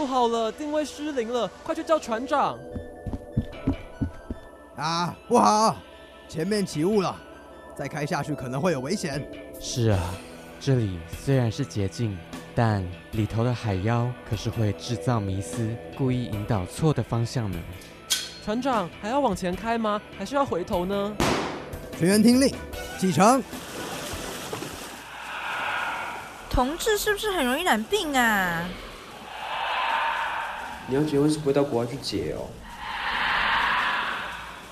不好了，定位失靈了，快去叫船長！啊，不好，前面起霧了，再開下去可能會有危險。是啊，這裡雖然是捷徑，但裡頭的海妖可是會製造迷思，故意引導錯的方向呢。船長還要往前開嗎？還是要回頭呢？全員聽令，啟程。同志是不是很容易染病啊？你要結婚是不會到國外去結哦？喔。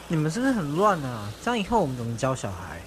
你們是不是很亂啊？這樣以後我們怎麼教小孩？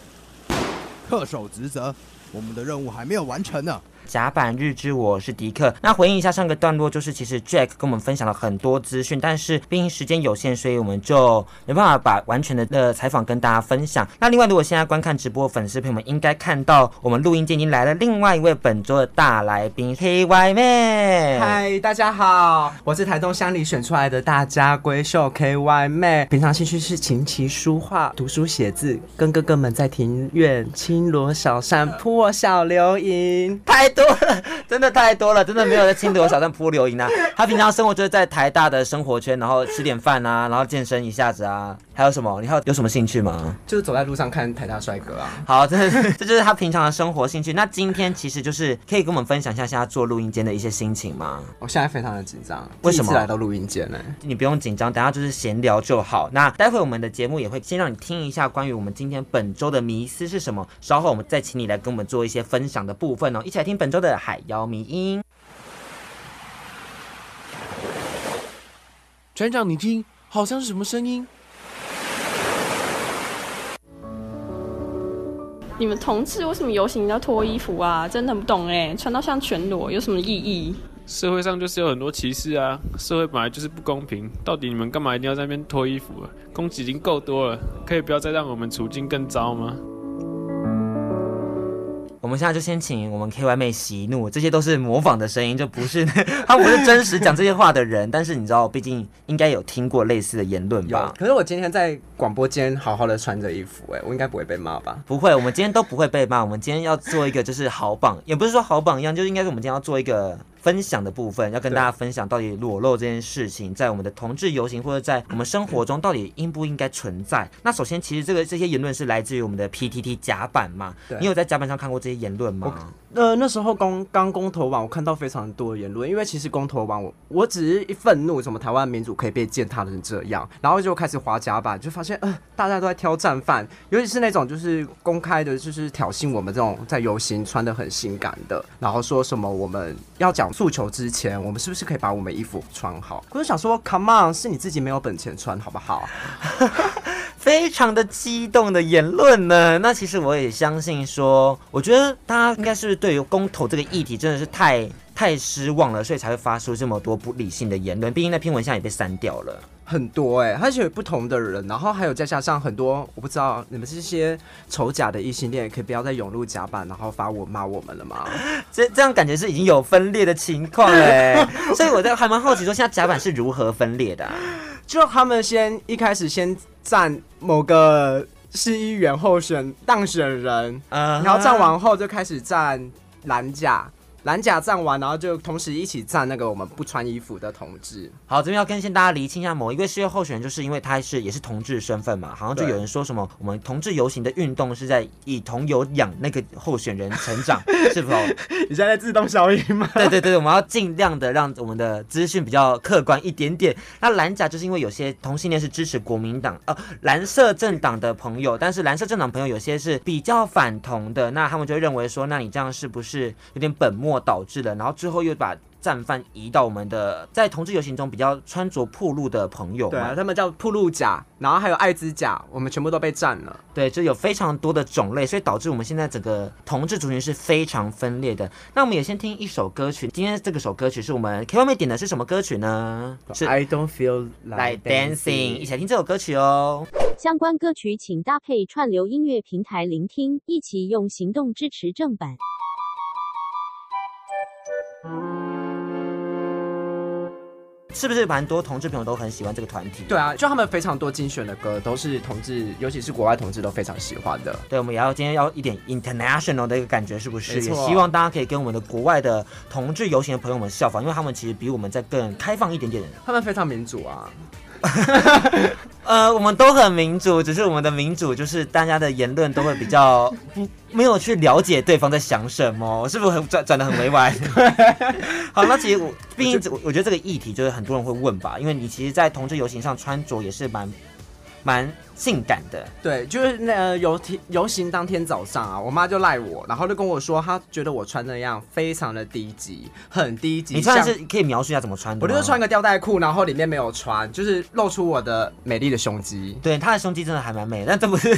恪守職責，我們的任務還沒有完成呢。甲板日志，我是迪克。那回應一下上個段落，就是其實 Jack 跟我們分享了很多資訊，但是畢竟時間有限，所以我們就沒辦法把完全的的採訪跟大家分享。那另外，如果現在觀看直播的粉絲朋友們應該看到，我們錄音間已經來了另外一位本周的大來賓 K Y 妹。嗨，Hi, 大家好，我是台東鄉裡選出來的大家閨秀 K Y 妹。Man、平常興趣是琴棋書畫、讀書寫字，跟哥哥們在庭院輕羅小扇撲我小流螢拍。多了，真的太多了，真的沒有在輕度小鎮算鋪留啊。他平常生活就是在台大的生活圈，然後吃點飯啊，然後健身一下子啊，還有什麼？你還有，有什麼興趣嗎？就是走在路上看台大帥哥啊。好，這這就是他平常的生活興趣。那今天其實就是可以跟我們分享一下現在做錄音間的一些心情嗎？我現在非常的緊張，為什麼來到錄音間呢？你不用緊張，等下就是閒聊就好。那待會我們的節目也會先讓你聽一下關於我們今天本週的迷思是什麼，稍後我們再請你來跟我們做一些分享的部分哦，一起來聽。本週的海妖迷音，船長，你聽，好像是什麼聲音？你們同志為什麼遊行要脫衣服啊？真的很不懂哎、欸，穿到像全裸有什麼意義？社會上就是有很多歧視啊，社會本來就是不公平。到底你們幹嘛一定要在那邊脫衣服啊？攻擊已經夠多了，可以不要再讓我們處境更糟嗎？我們現在就先請我們 KY 妹息怒，這些都是模仿的聲音，就不是他不是真實講這些話的人。 但是你知道，畢竟應該有聽過類似的言論吧？有。可是我今天在廣播間好好的穿着衣服、欸，哎，我應該不會被罵吧？不會，我們今天都不會被罵。我們今天要做一個就是好榜， 也不是說好榜樣，就應該是我們今天要做一個。分享的部分要跟大家分享，到底裸露這件事情，在我們的同志遊行或者在我們生活中，到底應不應該存在？那首先，其實這個這些言論是來自於我們的 PTT 甲板嘛？對你有在甲板上看過這些言論嗎？呃，那時候剛剛公投完我看到非常多的言論，因為其實公投完我我只是一憤怒，什麼台灣民主可以被踐踏成這樣，然後就開始滑甲板，就發現呃，大家都在挑戰犯，尤其是那種就是公開的，就是挑釁我們這種在遊行穿得很性感的，然後說什麼我們要講。訴求之前，我們是不是可以把我們衣服穿好？我就想說，Come on，是你自己沒有本錢穿，好不好？ 非常的激動的言論呢。那其實我也相信說，說我覺得大家應該是,是對於公投這個議題真的是太太失望了，所以才會發出這麼多不理性的言論。畢竟那篇文章也被刪掉了。很多哎、欸，而且有不同的人，然後還有再加上很多，我不知道你們這些醜甲的異性戀，可以不要再湧入甲板，然後發我罵我們了嗎？這 這樣感覺是已經有分裂的情況哎、欸， 所以我在還蠻好奇說，現在甲板是如何分裂的啊？ 就他們先一開始先站某個市議員候選當選人，uh huh. 然後站完後就開始站藍甲。藍甲站完，然後就同時一起站那個我們不穿衣服的同志。好，這邊要跟先大家釐清一下，某一個事業候選人，就是因為他是也是同志身份嘛，好像就有人說什麼我們同志遊行的運動是在以同有養那個候選人成長，對是否，哦， 你現在在自動消音嗎？對對對，我們要盡量的讓我們的資訊比較客觀一點點。那藍甲就是因為有些同性戀是支持國民黨哦，呃，藍色政黨的朋友，但是藍色政黨朋友有些是比較反同的，那他們就認為說，那你這樣是不是有點本末？導致的，然後之後又把戰犯移到我們的在同志遊行中比較穿着暴露的朋友，對，他們叫暴露甲，然後還有艾滋甲，我們全部都被佔了。對，就有非常多的種類，所以導致我們現在整個同志族群是非常分裂的。那我們也先聽一首歌曲，今天這個首歌曲是我們 KY 妹點的是什麼歌曲呢？是 I Don't Feel Like Dancing，一起來聽這首歌曲哦。相關歌曲請搭配串流音樂平台聆聽，一起用行動支持正版。是不是蠻多同志朋友都很喜歡這個團體？對啊，就他們非常多精選的歌，都是同志，尤其是國外同志都非常喜歡的。對，我們也要今天要一點 international 的一個感覺，是不是？是也希望大家可以跟我們的國外的同志遊行的朋友們效仿，因為他們其實比我們在更開放一點點的。他們非常民主啊。 呃，我們都很民主，只是我們的民主就是大家的言論都會比較沒有去了解對方在想什麼，是不是很轉轉的很委婉？ 對，好，那其實我畢竟我覺得這個議題就是很多人會問吧，因為你其實，在同志遊行上穿着也是蠻蠻。性感的，對，就是那遊遊行當天早上啊，我媽就賴我，然後就跟我說，她覺得我穿那樣非常的低級，很低級。你穿的是像可以描述一下怎麼穿的？我就是穿個吊帶褲，然後裡面沒有穿，就是露出我的美麗的胸肌。對，她的胸肌真的還蠻美，但這不是，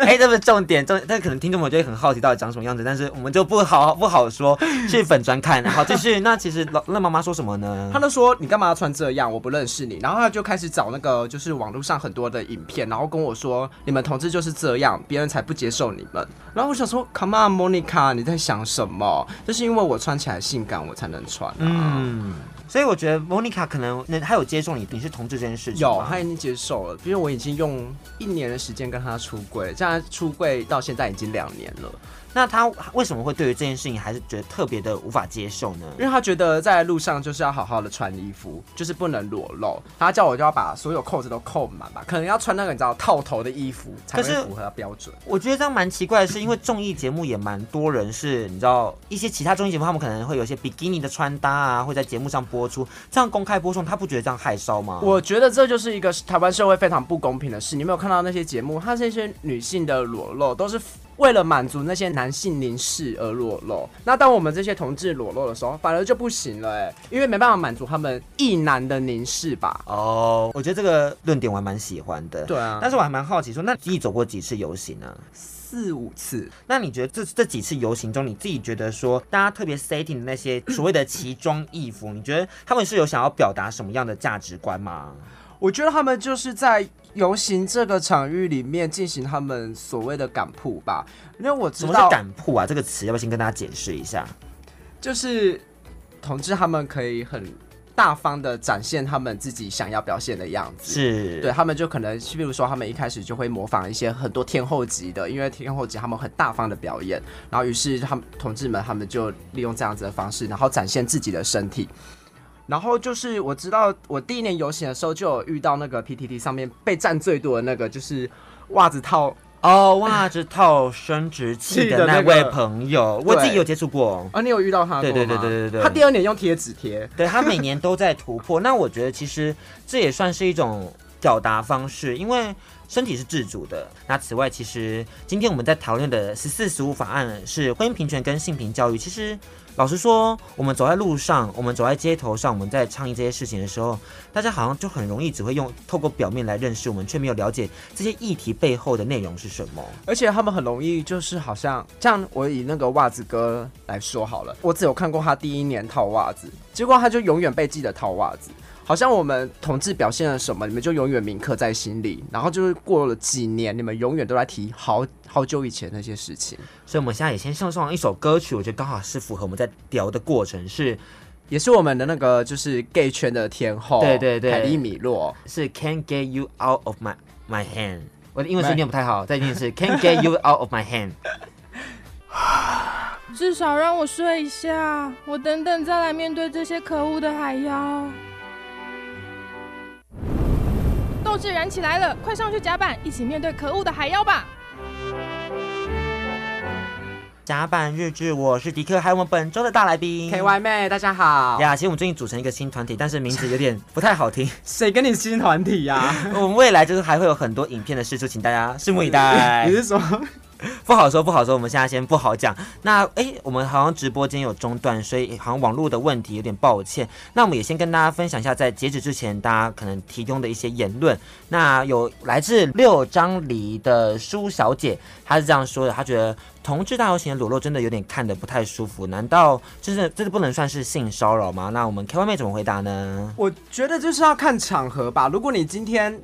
哎、 欸，這不是重點，重點，但可能聽眾們就會很好奇到底長什麼樣子，但是我們就不好不好說，去粉專，看。好，繼續， 那其實那媽媽說什麼呢？她就說你幹嘛要穿這樣？我不認識你。然後她就開始找那個就是網絡上很多的影片，然後跟我。我說：“你們同志就是這樣，別人才不接受你們。”然後我想說：“Come on，Monica，你在想什麼？這、就是因為我穿起來性感，我才能穿啊。嗯”所以我覺得莫妮卡可能那她有接受你你是同志這件事情，有，她已經接受了，因為我已經用一年的時間跟她出櫃，現在出櫃到現在已經兩年了，那她為什麼會對於這件事情還是覺得特別的無法接受呢？因為她覺得在路上就是要好好的穿衣服，就是不能裸露，她叫我就要把所有扣子都扣滿吧，可能要穿那個你知道套頭的衣服才是符合她標準。我覺得這樣蠻奇怪的，是因為綜藝節目也蠻多人是，你知道一些其他綜藝節目他們可能會有一些比基尼的穿搭啊，會在節目上播。播出這樣公開播送，他不覺得這樣害臊嗎？我覺得這就是一個台灣社會非常不公平的事。你沒有看到那些節目，他是一些女性的裸露都是為了滿足那些男性凝視而裸露。那當我們這些同志裸露的時候，反而就不行了，欸，哎，因為沒辦法滿足他們異男的凝視吧？哦，oh, 我覺得這個論點我還蠻喜歡的。對啊，但是我還蠻好奇說，說那你走過幾次遊行呢，啊？四五次，那你覺得這這幾次遊行中，你自己覺得說大家特別 setting 的那些所謂的奇裝異服， 你覺得他們是有想要表達什麼樣的價值觀嗎？我覺得他們就是在遊行這個場域裡面進行他們所謂的“敢曝”吧。因為我知道，“什麼是敢曝”啊，這個詞要不要先跟大家解釋一下？就是同志他們可以很。大方的展現他們自己想要表現的樣子，是，對他們就可能，比如說他們一開始就會模仿一些很多天後級的，因為天後級他們很大方的表演，然後於是他們同志們他們就利用這樣子的方式，然後展現自己的身體。然後就是我知道我第一年遊行的時候，就有遇到那個 PTT 上面被占最多的那個，就是襪子套。哦、oh, 哇，襪子套生殖器的那位朋友，那個，我自己有接觸過哦、啊，你有遇到他過嗎？對對對對對對，他第二年用貼紙貼，對他每年都在突破。 那我覺得其實這也算是一種表達方式，因為，身體是自主的。那此外，其實今天我們在討論的十四十五法案是婚姻平權跟性平教育。其實，老實說，我們走在路上，我們走在街頭上，我們在倡議這些事情的時候，大家好像就很容易只會用透過表面來認識我們，卻沒有了解這些議題背後的內容是什麼。而且他們很容易就是好像，這樣。我以那個襪子哥來說好了，我只有看過他第一年套襪子，結果他就永遠被記得套襪子。好像我們同志表現了什麼，你們就永遠銘刻在心裡，然後就是過了幾年，你們永遠都在提好好久以前那些事情。所以，我們現在也先送上一首歌曲，我覺得剛好是符合我們在聊的過程是，是也是我們的那個就是 gay 圈的天後，對對對，凱麗米洛是 Can't Get You Out of My My Hand，我的英文說念不太好，Right. 再念是 Can't Get You Out of My Hand。 至少讓我睡一下，我等等再來面對這些可惡的海妖。鬥志燃起來了，快上去甲板，一起面對可惡的海妖吧！甲板日誌，我是迪克還有我們本周的大來賓 K Y 妹，大家好呀。Yeah, 其實我們最近組成一個新團體，但是名字有點不太好聽。誰跟你新團體呀、啊？ 我們未來就是還會有很多影片的事，就請大家拭目以待。你 是什 不好說，不好說，我們現在先不好講。那誒、欸，我們好像直播間有中斷，所以好像網絡的問題有點抱歉。那我們也先跟大家分享一下，在截止之前，大家可能提供的一些言論。那有來自六張犁的舒小姐，她是這樣說的：她覺得同志大遊行的裸露真的有點看得不太舒服。難道這是這是不能算是性騷擾嗎？那我們 KY 妹怎麼回答呢？我覺得就是要看場合吧。如果你今天。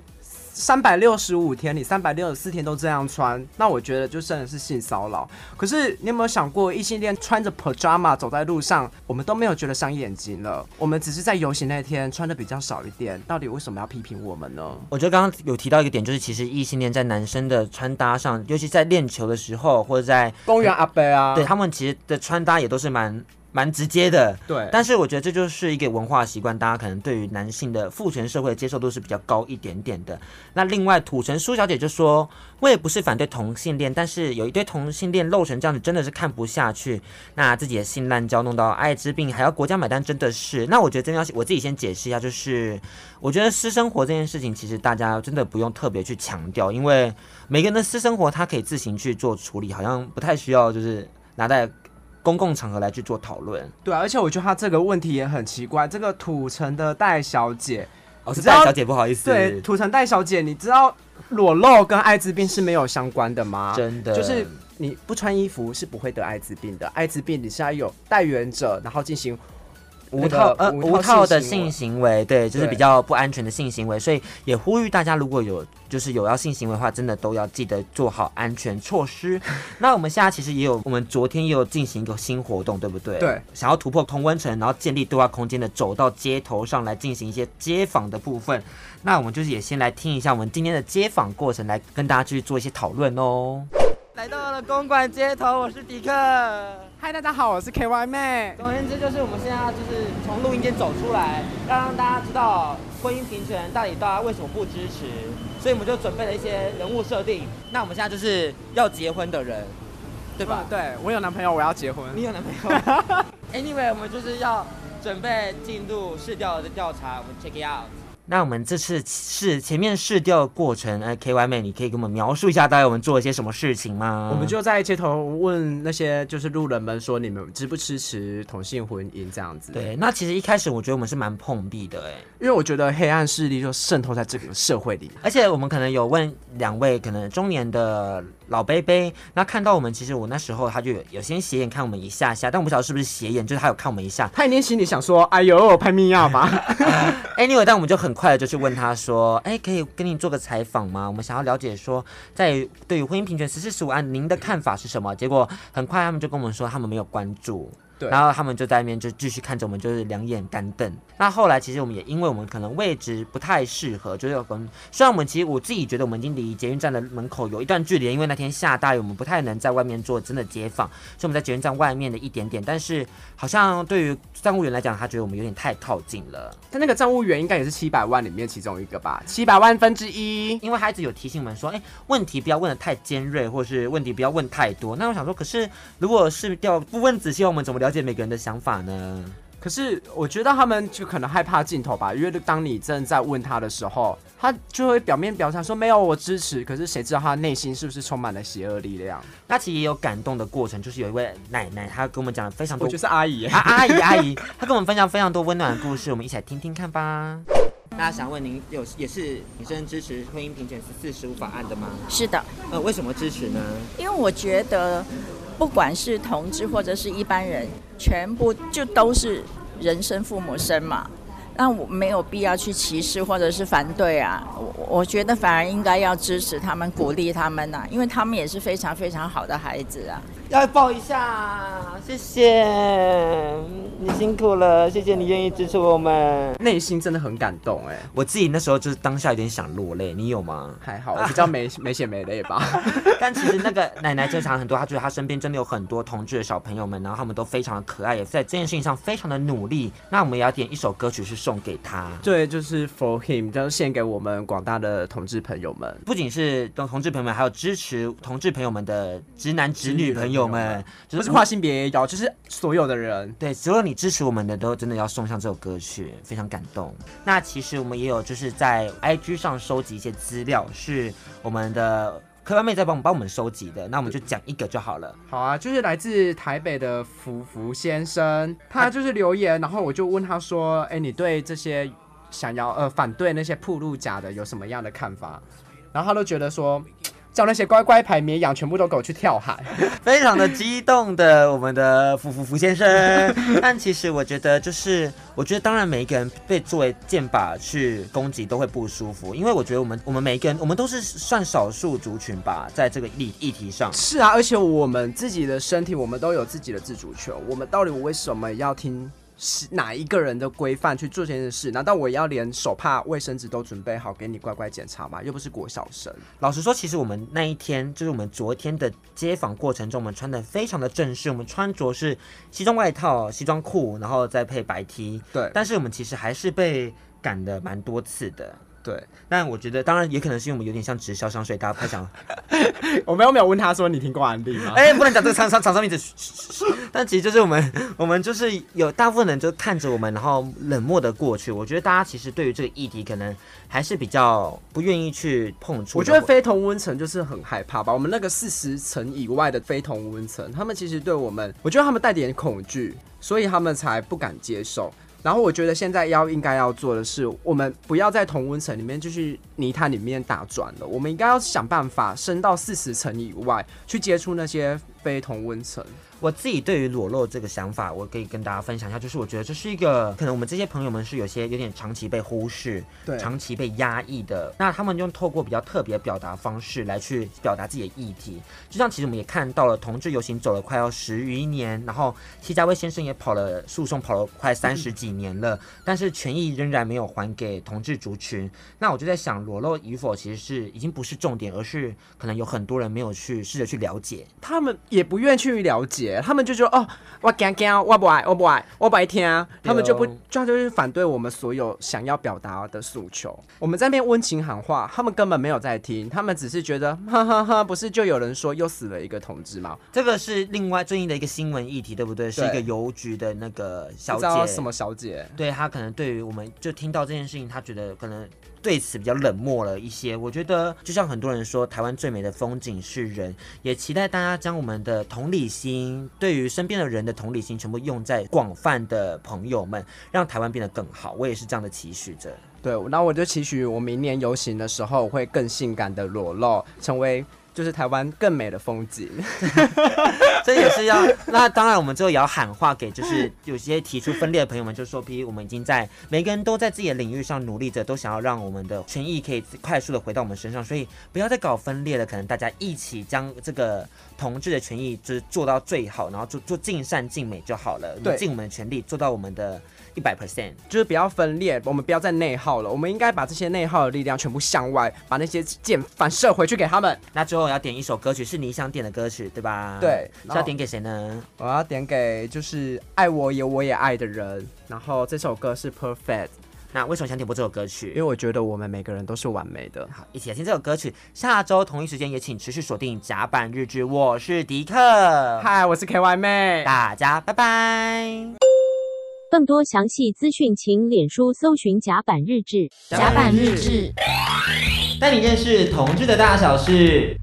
三百六十五天，你三百六十四天都這樣穿，那我覺得就真的是性騷擾。可是你有沒有想過，異性戀穿着 pajama 走在路上，我們都沒有覺得傷眼睛了，我們只是在遊行那天穿得比較少一點。到底為什麼要批評我們呢？我覺得剛剛有提到一個點，就是其實異性戀在男生的穿搭上，尤其在練球的時候或者在公園阿伯啊，對他們其實的穿搭也都是蠻。蠻直接的，對，但是我覺得這就是一個文化習慣，大家可能對於男性的父權社會接受度是比較高一點點的。那另外，土城蘇小姐就說，我也不是反對同性戀，但是有一堆同性戀露成這樣子，真的是看不下去。那自己的性濫交弄到艾滋病，還要國家買單，真的是。那我覺得真的，真要我自己先解釋一下，就是我覺得私生活這件事情，其實大家真的不用特別去強調，因為每個人的私生活他可以自行去做處理，好像不太需要就是拿在。公共場合來去做討論，對啊，而且我覺得他這個問題也很奇怪。這個土城的戴小姐，哦，是戴小姐，道不好意思，對，土城戴小姐，你知道裸露跟艾滋病是沒有相關的嗎？真的，就是你不穿衣服是不會得艾滋病的，艾滋病你是要有帶原者，然後進行。那個、無套呃無套的性行為，對，就是比較不安全的性行為，對所以也呼籲大家，如果有就是有要性行為的話，真的都要記得做好安全措施。 那我們現在其實也有，我們昨天也有進行一個新活動，對不對？對，想要突破同溫層，然後建立對話空間的，走到街頭上來進行一些街訪的部分。那我們就是也先來聽一下我們今天的街訪過程，來跟大家繼續做一些討論哦。來到了公館街頭，我是迪克。嗨，大家好，我是 KY 妹。總而言之，就是我們現在就是從錄音間走出來，要讓大家知道婚姻平權到底大家為什麼不支持，所以我們就準備了一些人物設定。那我們現在就是要結婚的人，對吧？嗯、對，我有男朋友，我要結婚。你有男朋友 ？Anyway，我們就是要準備進入試調的調查，我們 check it out。那我們這次試前面試掉的過程，哎、呃，KY 妹，你可以給我們描述一下，大概我們做了些什麼事情嗎？我們就在街頭問那些就是路人們說，你們支不支持同性婚姻這樣子。對，那其實一開始我覺得我們是蠻碰壁的、欸，哎，因為我覺得黑暗勢力就滲透在這個社會裡面，而且我們可能有問兩位可能中年的。老杯杯，那看到我們，其實我那時候他就有，有先斜眼看我們一下下，但我不曉得是不是斜眼，就是他有看我們一下。他一定心裡想說：“哎呦，拍咪亞嘛。 ” uh, Anyway，但我們就很快的就去問他說：“哎，可以跟你做個採訪嗎？我們想要了解說，在對於婚姻平權，十四十五案，您的看法是什麼？”結果很快他們就跟我們說，他們沒有關注。對然後他們就在那邊就繼續看着我們，就是兩眼乾瞪。那後來其實我們也因為我們可能位置不太適合，就是跟雖然我們其實我自己覺得我們已經離捷運站的門口有一段距離，因為那天下大雨，我們不太能在外面做真的街訪，所以我們在捷運站外面的一點點。但是好像對於站務員來講，他覺得我們有點太靠近了。他那個站務員應該也是七百萬裡面其中一個吧，七百萬分之一。因為他一直有提醒我們說，哎，問題不要問的太尖銳，或是問題不要問太多。那我想說，可是如果是掉，不問仔細，我們怎麼聊？了解每個人的想法呢？可是我覺得他們就可能害怕鏡頭吧，因為當你正在問他的時候，他就會表面表達說“沒有，我支持”，可是誰知道他內心是不是充滿了邪惡力量？那其實也有感動的過程，就是有一位奶奶，她跟我們講了非常多，就是阿姨、啊，阿姨，阿姨，她跟我們分享非常多溫暖的故事， 我們一起來聽聽看吧。那想問您，有也是女生支持婚姻平權十四十五法案的嗎？是的。呃，為什麼支持呢？因為我覺得。嗯不管是同志或者是一般人，全部就都是人生父母生嘛。那我沒有必要去歧視或者是反對啊，我我覺得反而應該要支持他們，鼓勵他們吶、啊，因為他們也是非常非常好的孩子啊。要抱一下，謝謝，你辛苦了，謝謝你願意支持我們。內心真的很感動哎、欸，我自己那時候就是當下有點想落淚，你有嗎？還好，我比較沒 沒血沒淚吧。但 其實那個奶奶在場很多，她覺得她身邊真的有很多同志的小朋友們，然後他們都非常的可愛，也在這件事情上非常的努力。那我們也要點一首歌曲是。送給他，對，就是 for him，就是獻給我們廣大的同志朋友們，不僅是同同志朋友們，還有支持同志朋友們的直男直女朋友們，友就是跨性別，也要。我就是所有的人，對，所有你支持我們的都真的要送上這首歌曲，非常感動。那其實我們也有就是在 IG 上收集一些資料，是我們的。KY 妹在幫幫我們收集的，那我們就講一個就好了。好啊，就是來自台北的福福先生，他就是留言，啊、然後我就問他說：“哎、欸，你對這些想要呃反對那些暴露甲的有什麼樣的看法？”然後他都覺得說。叫那些乖乖牌綿羊全部都給我去跳海， 非常的激動的我們的福福福先生。但其實我覺得，就是我覺得，當然每一個人被作為箭靶去攻擊都會不舒服，因為我覺得我們我們每一個人，我們都是算少數族群吧，在這個議議題上。是啊，而且我們自己的身體，我們都有自己的自主權。我們到底我為什麼要聽？是哪一個人的規範去做這件事？難道我要連手帕、衛生紙都準備好給你乖乖檢查嗎？又不是國小生。老實說，其實我們那一天，就是我們昨天的街訪過程中，我們穿得非常的正式，我們穿着是西裝外套、西裝褲，然後再配白 T。對。但是我們其實還是被趕了蠻多次的。對，但我覺得，當然也可能是因為我們有點像直銷商，所以大家不太想 我們有沒有問他說，你聽過安利嗎？哎，欸、不能講這廠商，廠商一直。但其實就是我們，我們就是有大部分人就看着我們，然後冷漠的過去。我覺得大家其實對於這個議題，可能還是比較不願意去碰觸。我覺得非同溫層就是很害怕吧。我們那個四十層以外的非同溫層，他們其實對我們，我覺得他們帶點恐懼，所以他們才不敢接受。然後我覺得現在要應該要做的是，我們不要在同溫層裡面就是泥潭裡面打轉了，我們應該要想辦法升到四十層以外去接觸那些。非同溫層，我自己對於裸露這個想法，我可以跟大家分享一下，就是我覺得這是一個可能我們這些朋友們是有些有點長期被忽視、對長期被壓抑的。那他們用透過比較特別表達方式來去表達自己的議題，就像其實我們也看到了，同志遊行走了快要十餘年，然後祁家威先生也跑了訴訟跑了快三十幾年了，嗯、但是權益仍然沒有還給同志族群。那我就在想，裸露與否其實是已經不是重點，而是可能有很多人沒有去試着去了解他們。也不願去了解，他們就說：“哦，我干干，我不愛，我不愛，我不愛聽啊。”他們就不，這就是反對我們所有想要表達的訴求。我們在那邊溫情喊話，他們根本沒有在聽，他們只是覺得哈哈哈！不是，就有人說又死了一個同志嗎？這個是另外最近的一個新聞議題，對不對？對，是一個郵局的那個小姐，什麼小姐？對他可能對於我們就聽到這件事情，他覺得可能。對此比較冷漠了一些，我覺得就像很多人說，台灣最美的風景是人，也期待大家將我們的同理心，對於身邊的人的同理心，全部用在廣泛的朋友們，讓台灣變得更好。我也是這樣的期許着。對，那我就期許我明年遊行的時候會更性感的裸露，成為，就是台灣更美的風景， 這也是要。那當然，我們最後也要喊話給，就是有些提出分裂的朋友們，就說，比如我們已經在每個人都在自己的領域上努力着，都想要讓我們的權益可以快速的回到我們身上，所以不要再搞分裂了。可能大家一起將這個同志的權益就是做到最好，然後做做盡善盡美就好了，盡對我們的全力做到我們的。一百 percent 就是不要分裂，我們不要再內耗了，我們應該把這些內耗的力量全部向外，把那些箭反射回去給他們。那最後我要點一首歌曲，是你想點的歌曲，對吧？對。是要點給誰呢？我要點給就是愛我有我也愛的人。然後這首歌是 Perfect。那為什麼想點播這首歌曲？因為我覺得我們每個人都是完美的。好，一起來聽這首歌曲。下周同一時間也請持續鎖定甲板日誌。我是迪克，嗨，我是 K Y 妹，大家拜拜。更多詳細資訊，請臉書搜尋“甲板日誌”日誌。甲板日誌。帶你認識同志的大小事。